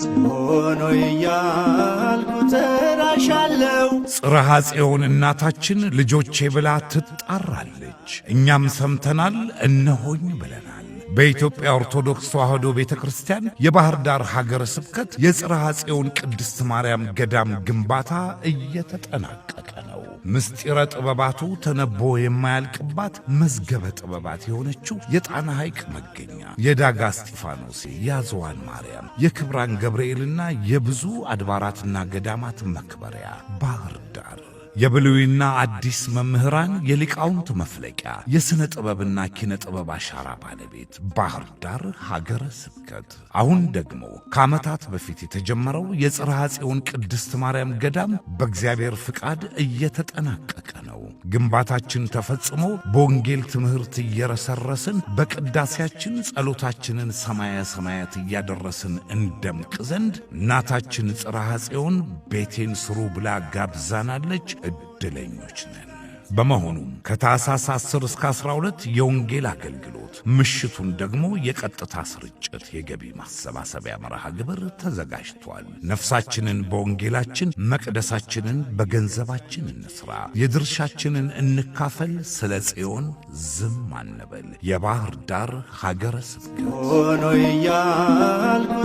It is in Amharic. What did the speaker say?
ጽዮን እያልኩ ጽርሐ ጽዮን እናታችን ልጆቼ ብላ ትጣራለች። እኛም ሰምተናል እነሆኝ ብለናል። በኢትዮጵያ ኦርቶዶክስ ተዋሕዶ ቤተ ክርስቲያን የባህር ዳር ሀገረ ስብከት የጽርሐ ጽዮን ቅድስት ማርያም ገዳም ግንባታ እየተጠናቀቀ ምስጢረ ጥበባቱ ተነቦ የማያልቅባት መዝገበ ጥበባት የሆነችው የጣና ሐይቅ መገኛ የዳጋ እስጢፋኖሴ፣ የአዘዋን ማርያም፣ የክብራን ገብርኤልና የብዙ አድባራትና ገዳማት መክበሪያ ባህር የብሉይና አዲስ መምህራን የሊቃውንት መፍለቂያ የሥነ ጥበብና ኪነ ጥበብ አሻራ ባለቤት ባህር ዳር ሀገረ ስብከት። አሁን ደግሞ ከዓመታት በፊት የተጀመረው የጽርሐ ጽዮን ቅድስት ማርያም ገዳም በእግዚአብሔር ፍቃድ እየተጠናቀቀ ነው። ግንባታችን ተፈጽሞ በወንጌል ትምህርት እየረሰረስን በቅዳሴያችን ጸሎታችንን ሰማያ ሰማያት እያደረስን እንደምቅ ዘንድ እናታችን ጽርሐ ጽዮን ቤቴን ስሩ ብላ ጋብዛናለች። እድለኞች ነን። በመሆኑም ከታህሳስ 10 እስከ 12 የወንጌል አገልግሎት፣ ምሽቱን ደግሞ የቀጥታ ስርጭት የገቢ ማሰባሰቢያ መርሃ ግብር ተዘጋጅቷል። ነፍሳችንን በወንጌላችን መቅደሳችንን በገንዘባችን እንስራ፣ የድርሻችንን እንካፈል፣ ስለ ጽዮን ዝም አንበል። የባህር ዳር ሀገረ ስብከት